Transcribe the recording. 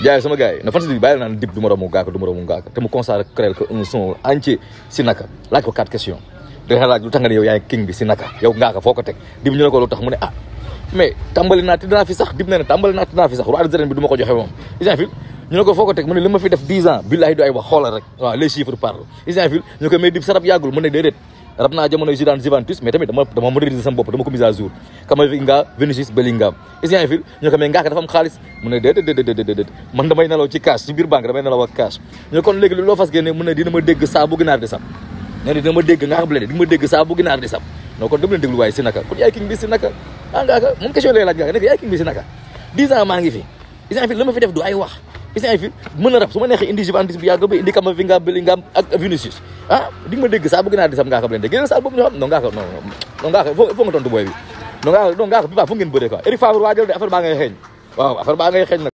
jaay sama gars yi na fan si bàyyi naan dib du moroomu ngaaka du moroomu ngaaka te mu consacré que un son entier si naka laaj ko quatre questions dina lu tax nga ne yow yaay king bi si naka yow ngaaka foo ko teg dib ñu ne lu tax mu ne ah mais tàmbali naa tidnaa fi sax dib ne ne naa tidnaa fi sax roi des arènes bi du ma ko joxe moom isant fil ñu ne foo ko teg mu ne li fi def dix billahi du ay wax xoolal rek waaw les chiffres parlent rab naa jamono Zidane Juventus mais tamit dama dama moderniser sama bopp dama ko mise à jour Camavinga Vinicius Bellingham isien fil ñu ko mais Ngaaka dafa am xaalis mu ne déedéet déedéet déedéet man damay nelaw ci cash ci biir banque damay nelaw ak cash ñu kon léegi loo fas génne mu ne dina ma dégg saa bu ginaar di sab ne dina ma dégg Ngaaka Blindé dina ma dégg saa bu ginaar di sab non kon dem leen déglu waaye si naka kon yaay king bi si naka ah Ngaaka moom question lay laaj Ngaaka nekk yaay king bi si naka 10 ans maa ngi fi isien fil la ma fi def du ay wax gis nga ay fil mën na rab su ma indi Juventus bu yàgg ba indi Camavinga Bellingham ak Vinicius ah di nga ma dégg saa bëgg naa di sam ngaa xam leen de génn boobu ñu xam non ngaa ko non non ngaa ko foo nga bi non ngaa non ngaa ko bi baa foo ngeen bëree quoi Eric Favre waajal de baa ngay xeeñ waaw